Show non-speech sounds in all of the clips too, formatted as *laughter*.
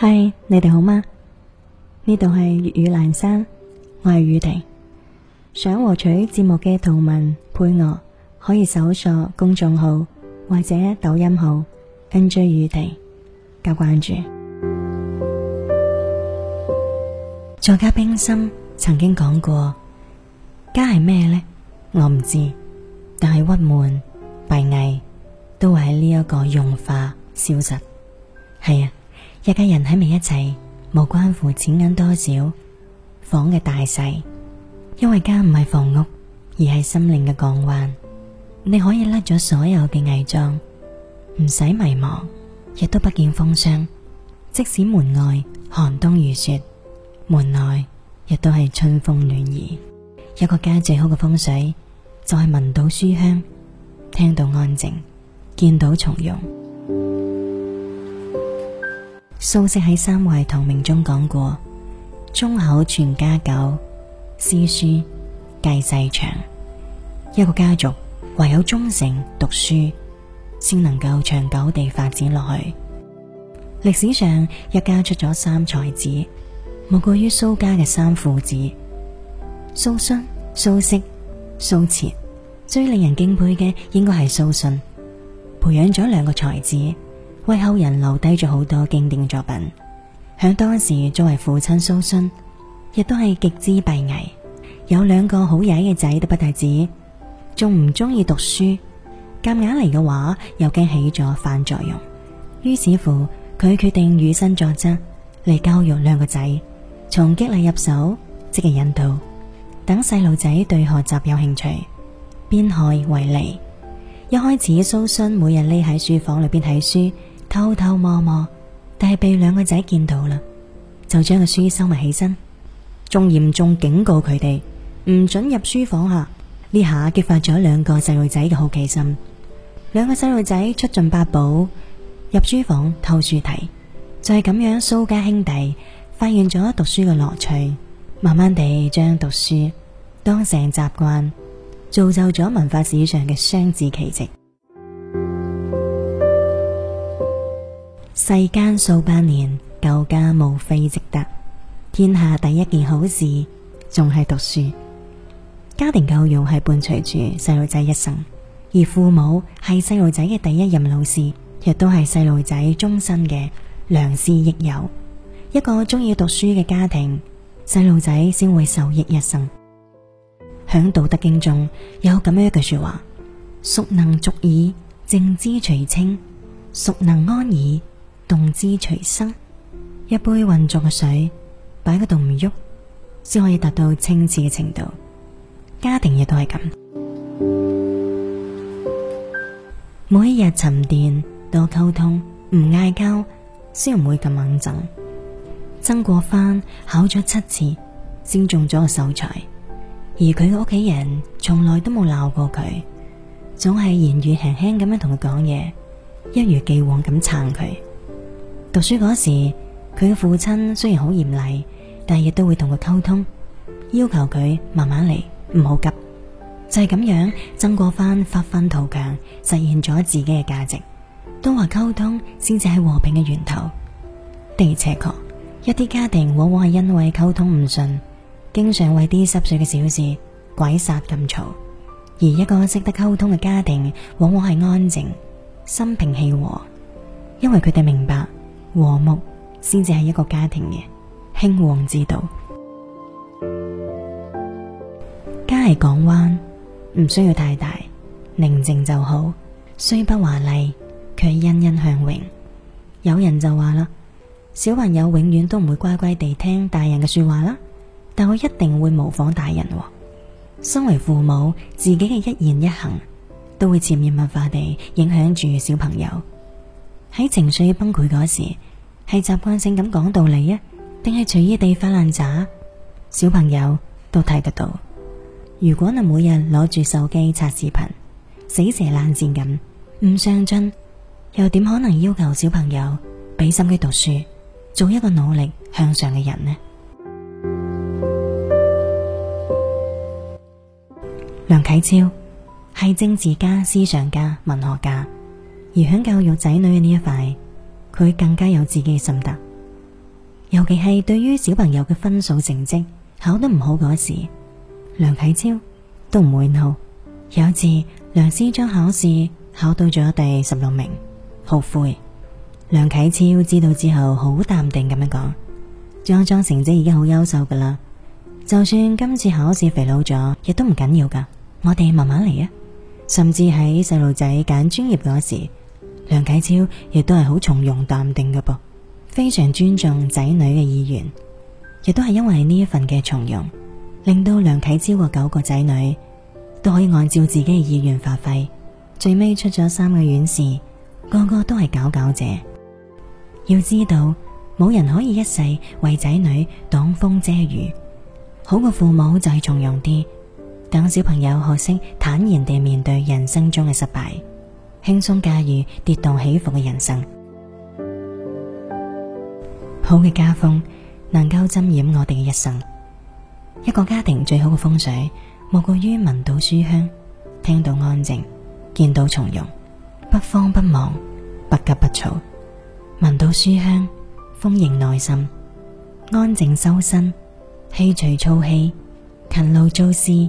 嗨，Hi，你哋好嗎？呢度係粵語闌山，我係雨婷。想獲取節目嘅圖文配樂，可以搜索公眾號或者抖音號 NJ 雨婷加關注。作家冰心曾經講過：家係咩呢？我唔知，但係鬱悶、閉翳都會喺呢一個融化消失。係啊。一家人喺埋一齊，無關乎錢銀多少，房嘅大細。因為家唔係房屋，而係心靈嘅港灣。你可以甩咗所有嘅偽裝，唔使迷茫，亦都不見風霜。即使門外寒冬如雪，門內亦都係春風暖意。一個家最好嘅風水，就係聞到書香，聽到安靜，見到從容。蘇軾喺三位同名中講過：忠厚全家久，詩書繼世長。一個家族唯有忠誠讀書，先能夠長久地發展落去。歷史上一家出咗三才子，莫過於蘇家嘅三父子：蘇洵、蘇軾、蘇轍。最令人敬佩嘅應該係蘇洵，培養咗兩個才子。為後人留低咗好多經典作品。響當時，作為父親蘇洵，亦都係極之閉翳。有兩個好曳嘅仔都不大子，仲唔中意讀書。夾硬嚟嘅話，又驚起咗反作用。於是乎，佢決定以身作則嚟教育兩個仔，從激勵入手，積極引導，等細路仔對學習有興趣，變害為利。一開始蘇，蘇洵每日匿喺書房裏邊睇書。偷偷摸摸，但係被兩個仔見到啦，就將個書收埋起身，仲嚴重警告佢哋唔准入書房吓，啊。呢下激發咗兩個細路仔嘅好奇心，兩個細路仔出盡八寶入書房偷書睇，就係，是，咁樣蘇家兄弟發現咗讀書嘅樂趣，慢慢地將讀書當成習慣，造就咗文化史上嘅雙子奇蹟。世間數百年，舊家無非積德。天下第一件好事，仲係讀書。家庭教育係伴隨住細路仔一生，而父母係細路仔嘅第一任老師，亦都係細路仔終身嘅良師益友。一個中意讀書嘅家庭，細路仔先會受益一生。響《道德經》中有咁樣一句說話：孰能濁以靜之徐清？孰能安以，動之徐生，一杯渾濁嘅水，擺喺度唔喐，先可以達到清澈嘅程度。家庭亦都係咁， *music* 每一日沉澱多溝通，唔嗌交，先唔會咁猛爭。曾國藩考咗七次，先中咗個秀才，而佢嘅屋企人從來都冇鬧過佢，總係言語輕輕咁樣同佢講嘢，一如既往咁撐佢。讀書嗰時，佢嘅父親雖然好嚴厲，但亦都會同佢溝通，要求佢慢慢嚟，唔好急。就係咁樣，曾國藩，發奮圖強，實現咗自己嘅價值。都話溝通先至係和平嘅源頭，的確，一啲家庭往往係因為溝通唔順，經常為啲濕碎嘅小事鬼殺咁嘈。而一個識得溝通嘅家庭，往往係安靜、心平氣和，因為佢哋明白。和睦先至係一個家庭嘅興旺之道。家係港灣，唔需要太大，寧靜就好，雖不華麗，卻欣欣向榮。有人就話啦，小朋友永遠都唔會乖乖地聽大人嘅說話啦，但我一定會模仿大人喎。身為父母，自己嘅一言一行都會潛移默化地影響住小朋友。喺情緒崩潰嗰時，係習慣性咁講道理啊，定係隨意地發爛渣？小朋友都睇得到。如果能每日攞住手機刷視頻，死蛇爛鱔咁，唔上進，又點可能要求小朋友俾心機讀書，做一個努力向上嘅人呢？梁啟超，係政治家、思想家、文學家。而喺教育仔女嘅呢一塊，佢更加有自己嘅心得。尤其係對於小朋友嘅分數成績考得唔好嗰時，梁啟超都唔會怒。有一次梁思莊考試考到咗第十六名，後悔。梁啟超知道之後，好淡定咁樣講：莊莊成績已經好優秀噶啦，就算今次考試肥佬咗，亦都唔緊要噶。我哋慢慢嚟啊！甚至喺細路仔揀專業嗰時，梁啟超亦都係好從容淡定嘅噃，非常尊重仔女嘅意願，亦都係因為呢一份嘅從容，令到梁啟超個九個仔女都可以按照自己嘅意願發揮，最尾出咗三個院士，個個都係佼佼者。要知道，冇人可以一世為仔女擋風遮雨，好過父母就係從容啲。等小朋友學識坦然地面對人生中嘅失敗，輕鬆駕馭跌宕起伏嘅人生。好嘅家風能夠浸染我哋嘅一生。一個家庭最好嘅風水，莫過於聞到書香，聽到安靜，見到從容，不慌不忙，不急不躁。聞到書香，豐盈內心；安靜修身，祛除粗氣，勤勞做事。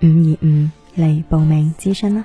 五二五嚟報名諮詢啦。